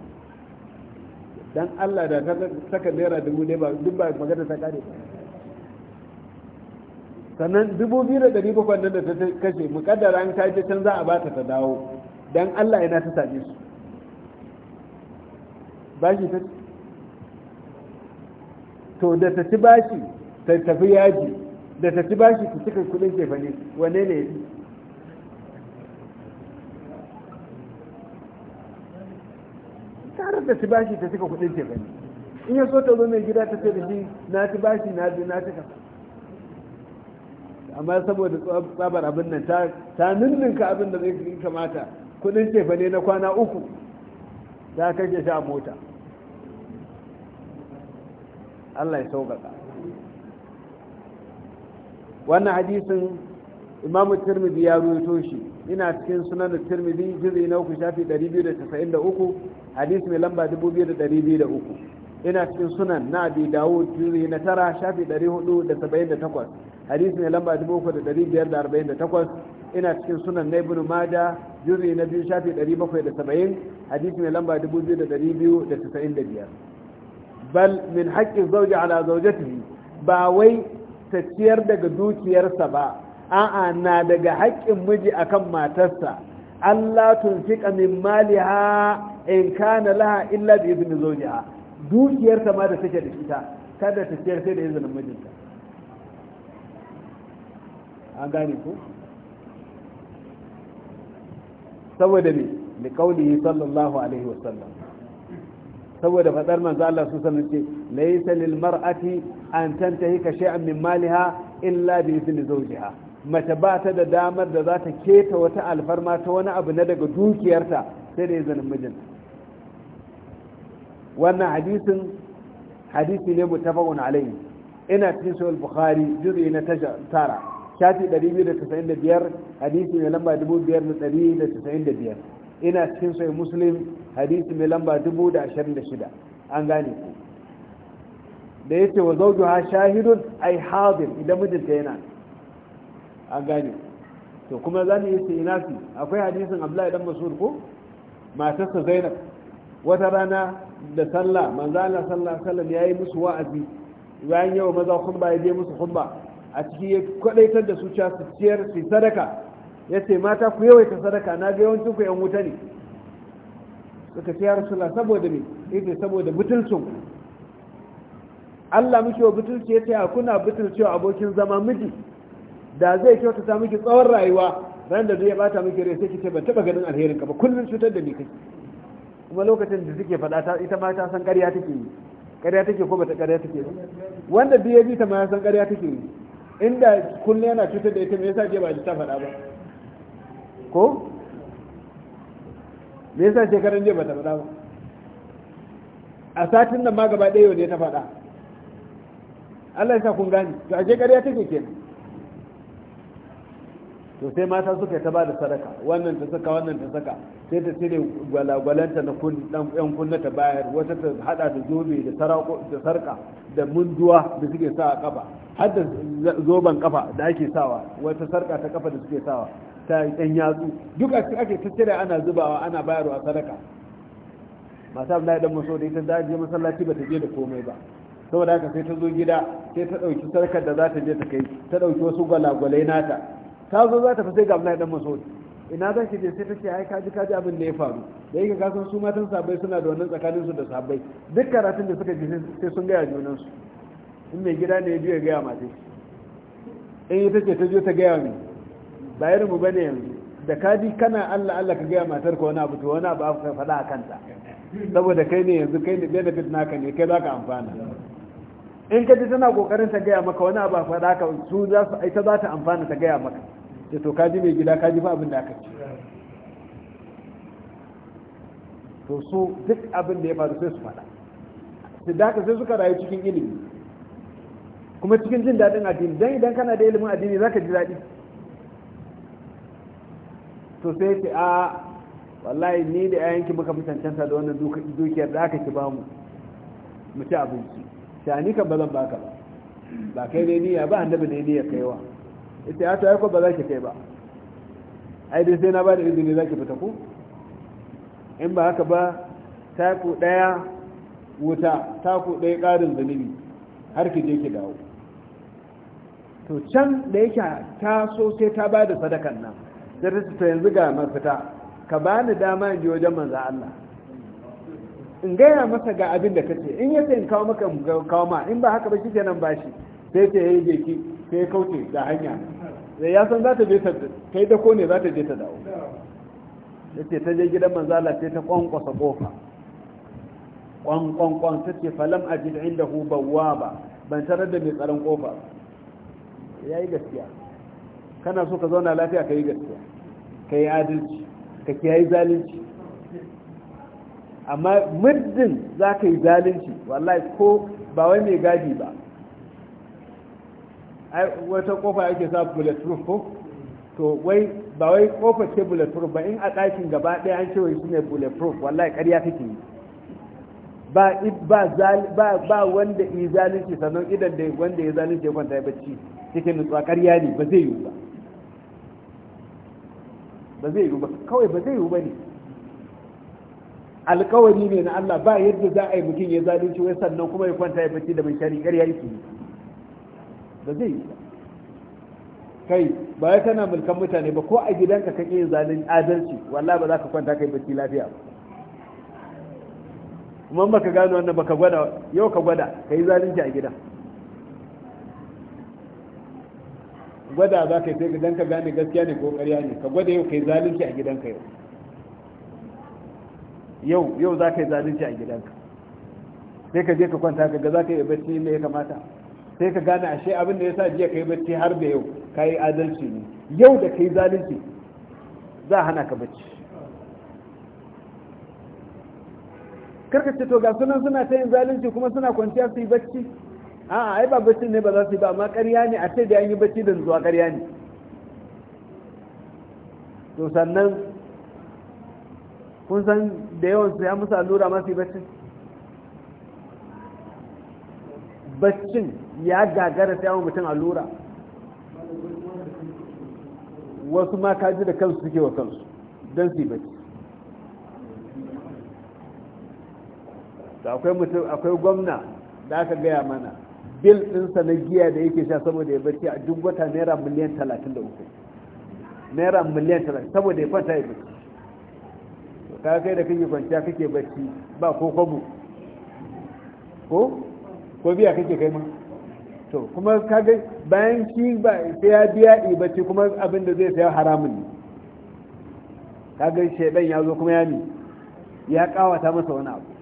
dan Allah da ka saka naira dubu ɗaya ba duk ba magana ta kare sannan dubu biyu da dari bakwai nan da ta kashe kaddara an ta can za a ba ta dawo dan Allah ina ta same su bashi ta to da ta ci bashi ta tafi yaji da ta ci bashi ki cika kudin ke wane ne yi tarar da ci bashi ta cika kudin ke bane in ya so ta zo mai gida ta ce da shi na ci bashi na biyu na cika amma saboda tsabar abin nan ta ninninka abin da zai kamata kudin cefa na kwana uku ta kake sha mota Allah ya sauƙaƙa wannan hadisin imam tirmidhi ya ruwaito shi ina cikin sunan tirmidhi juz'i na uku shafi 293 hadisi mai lamba 2203 ina cikin sunan na abi dawud juz'i na tara shafi 478 hadisi mai lamba 3548 ina cikin sunan na ibnu Mada juz'i na biyu shafi 770 hadisi mai lamba 2295 bal min haqqi zawji ala zawjatihi ba wai ta daga dukiyarsa ba a'a na daga haƙƙin miji akan matarsa Allah tunfiqa min maliha in kana laha illa bi izni zawjiha dukiyarsa ma da take da ita kada ta ciyar sai da izinin mijinta an gane ku saboda ne liqaulihi sallallahu alaihi wasallam saboda fadar manzo Allah su sanin ce laysa lil mar'ati an tantahi ka shay'an min maliha illa bi izni zawjiha mace ba ta da damar da za ta keta wata alfarma ta wani abu na daga dukiyarta sai da izinin mijin. wannan hadisin hadisi ne mutafaqun alayhi ina cikin sahih bukhari juz'i na tara shafi 295 hadisi ne lamba 2595 ina cikin sai muslim hadisi mai lamba 1026 an gane ku da yace wa ha shahidun ai hadir idan mijinta yana an gane to kuma zan yi sai ina fi akwai hadisin Abdullahi dan Mas'ud ko matarsa Zainab wata rana da sallah manzo Allah sallallahu alaihi wasallam yayi musu wa'azi yayin yau maza khutba ya je musu khutba a ciki ya kwadaitar da su cewa su ciyar su sadaka ya ce mata ku yawaita sadaka na ga yawancin ku yan wuta ne suka ce ya rasu saboda me yace saboda butulcin ku Allah muke wa butulci ya ce a kuna wa abokin zama miji da zai kyautata miki tsawon rayuwa ran da zai ya bata miki rai sai ki ce ban taba ganin alherin ka ba kullun cutar da ni kai kuma lokacin da suke fada ta ita ma ta san ƙarya take yi ƙarya take ko bata ƙarya take ba wanda biye bi ta ma ya san ƙarya take yi inda kullun yana cutar da ita me yasa je ba ta faɗa ba ko me yasa shekaran jiya bata faɗa ba a satin nan ma gaba ɗaya ne ta faɗa Allah ya sa kun gani to a shekar ya take kenan to sai mata suka ta bada sadaka wannan ta saka wannan ta saka sai ta cire gwalagwalanta na yan kunna ta bayar wata ta hada da zobe da sarka da munduwa da suke sa a kafa har da zoben kafa da ake sawa wata sarka ta kafa da suke sawa ta ɗan yatsu duk a cikin ake tattara ana zubawa ana bayarwa sadaka masu abu idan maso da ita za a je masallaci ba ta je da komai ba saboda haka sai ta zo gida sai ta ɗauki sarkar da za ta je ta kai ta ɗauki wasu gwalagwalai nata ta zo za ta fi sai ga abu idan maso ina za ki je sai ta ce ai kaji kaji abin da ya faru da yake ka san su matan sabai suna da wannan tsakanin su da sabai duk karatun da suka ji sai sun gaya junan su in mai gida ne ya biya gaya mace in ita ce ta je ta gaya mai ba irin mu bane yanzu da kaji kana Allah Allah ka gaya matar ka wani abu to wani abu aka faɗa a kanta saboda kai ne yanzu kai ne benefit naka ne kai ka amfana in ka ji tana kokarin ta gaya maka wani abu a faɗa ka su za su aita za ta amfana ta gaya maka da to kaji mai gida kaji fa abin da aka ci to su duk abin da ya faru sai su faɗa su da sai suka rayu cikin ilimi kuma cikin jin daɗin addini dan idan kana da ilimin addini za ka ji daɗi to sai ce a wallahi ni da yayanki muka mutancansa da wannan dukiyar da aka ki ba mu mu ci abinci shani ka ba zan baka ba ba kai ne niyya ba annabi ne niyya kaiwa ita ya ta ko ba za ki kai ba ai dai sai na ba da izini za ki fita ko in ba haka ba taku daya wuta taku daya karin zunubi har ki je ki dawo to can da yake ta so sai ta ba da sadakan nan sai yanzu ga mafita ka bani dama in ji wajen manza Allah in gaya masa ga abin da ce in yace in kawo maka kawo ma in ba haka ba kike nan bashi sai ta yi jeki sai kauce da hanya sai ya san za ta je ta kai da ko ne za ta je ta dawo yace ta je gidan manza Allah sai ta kwankwasa kofa kwan kwan kwan tace falam ajid indahu bawaba ban tarar da mai tsaron kofa yayi gaskiya kana so ka zauna lafiya yi gaskiya ka yi adalci ka kiyaye zalunci amma muddin za ka yi zalunci wallahi ko ba wai mai gadi ba ai wata kofa yake sa bulletproof ko to wai ba wai kofa ce bulletproof ba in a ɗakin gaba ɗaya an ce wai su ne bulletproof wallahi ƙarya take yi ba ba wanda yi zalunci sannan idan da wanda ya zalunci ya kwanta ya bacci cikin nutsuwa ƙarya ne ba zai yi ba ba zai yi ba kawai ba zai yi ba ne alkawari ne na Allah ba yadda za a yi mutum ya zalunci wai sannan kuma ya kwanta ya bacci da mai ya yi yaki ba zai yi ba kai ba ya tana mulkan mutane ba ko a gidanka ka ke zanen adalci wallahi ba za ka kwanta kai bacci lafiya ba kuma ba ka gano wannan ba ka gwada yau ka gwada ka yi zalunci a gidan gwada za ka yi sai dan ka gane gaskiya ne ko ƙarya ne ka gwada yau ka yi zalunci a gidanka yau yau yau za ka yi zalunci a gidanka sai ka je ka kwanta ka ga za ka yi bacci ne ya kamata sai ka gane ashe abin da ya sa jiya ka yi bacci har da yau ka yi adalci ne yau da ka yi zalunci za a hana ka bacci karkace to ga sunan suna ta yin zalunci kuma suna kwanciya su yi bacci a ai ba bacci ne ba za su yi ba amma ƙarya ne a ce da an yi bacci da zuwa ƙarya ne to sannan kun san da yawan su ya musu allura masu yi bacci baccin ya gagara ta yawan mutum allura wasu ma kaji da kansu suke wa kansu don su yi bacci akwai gwamna da aka gaya mana bil ɗinsa na giya da yake sha saboda ya barci a duk wata naira miliyan talatin da uku naira miliyan talatin saboda ya kwanta ya bacci ka kai da kake kwanciya kake barci ba ko kwabo ko ko biya kake kai ma to kuma ka ga bayan shi ba sai ya biya yi barci kuma abin da zai saya haramun ne ka ga shaidan ya zo kuma ya ne ya kawata masa wani abu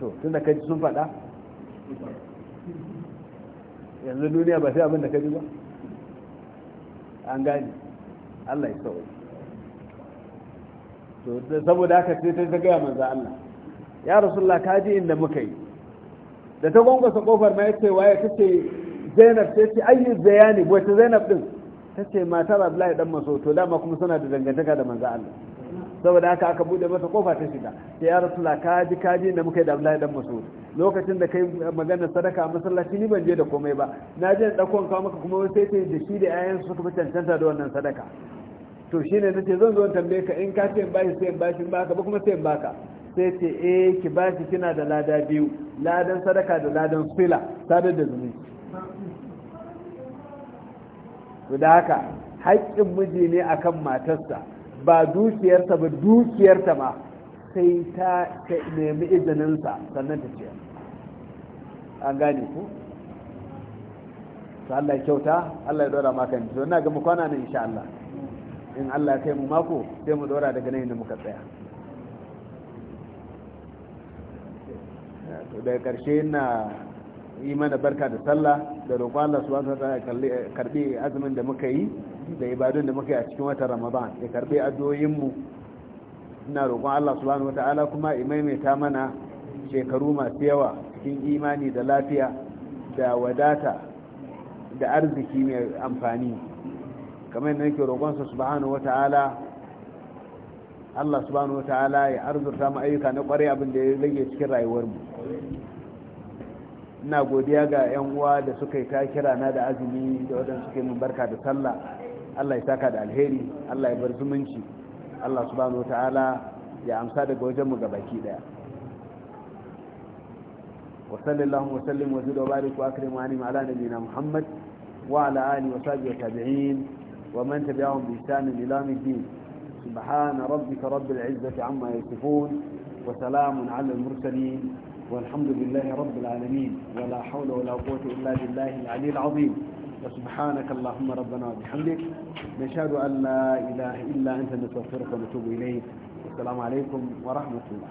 to tun da kaji sun faɗa yanzu duniya ba sai abin da kaji ba an gani Allah ya sauri. to saboda haka sai ta gaya manzo Allah ya rasulullah kaji inda muka yi da ta gwangwasa kofar ma yace waye kace Zainab sai ce ayyu zayani wata Zainab din tace matar Abdullahi dan Maso to dama kuma suna da dangantaka da manzo Allah saboda haka aka bude masa kofa ta shiga ta ya rasula kaji kaji da muka yi da abdullahi dan masu lokacin da kai magana sadaka a masallaci ni ban je da komai ba na je dakon kawo maka kuma sai ta da shi da yayan suka fi cancanta da wannan sadaka to shine nace zan zo tambaye ka in ka ce in bashi sai in bashi in baka ba kuma sai in baka sai ce eh ki bashi kina da lada biyu ladan sadaka da ladan fila sadar da zumunci to da haka haƙƙin miji ne akan matarsa ba dukiyarta ba dukiyarta ma sai ta nemi izininsa sannan ta ciyar an gane ku to Allah ya kyauta Allah ya dora maka yanzu ina ga mu kwana nan insha Allah in Allah ya kai mu mako sai mu dora daga nan inda muka tsaya to daga karshe ina yi mana barka da sallah da roƙon Allah subhanahu wa ta'ala karbi azumin da muka yi da ibadun da muka yi a cikin watan ramadan ya karbe addu'oyinmu. ina roƙon Allah subhanahu ta'ala kuma imaimaita mana shekaru masu yawa cikin imani da lafiya da wadata da arziki mai amfani kamar yadda nake roƙonsa subhanahu ta'ala, Allah subhanahu ta'ala, ya arzuta mu ayyuka na ƙwarai abin da ya rage cikin rayuwarmu ina godiya ga 'yan uwa da suka yi ta kira na da azumi da waɗanda suke mun barka da sallah Allah ya saka da alheri Allah ya bar zumunci Allah subhanahu wata'ala ya amsa daga mu ga baki ɗaya. wa sallallahu wa sallim wa zuwa bariku akirin wani ma'ala da nuna muhammad wa ala'ani wa sabi wa tabi'in wa man tabi awon bishani lilamin din subhana rabbi ka rabbi al'izzati amma ya sifon wa salamun ala al-murtani alhamdulillahi rabbi al'alamin wa la hawla wa la illa billahi al-ali al-azim وسبحانك اللهم ربنا وبحمدك نشهد أن لا إله إلا أنت نستغفرك ونتوب إليك السلام عليكم ورحمة الله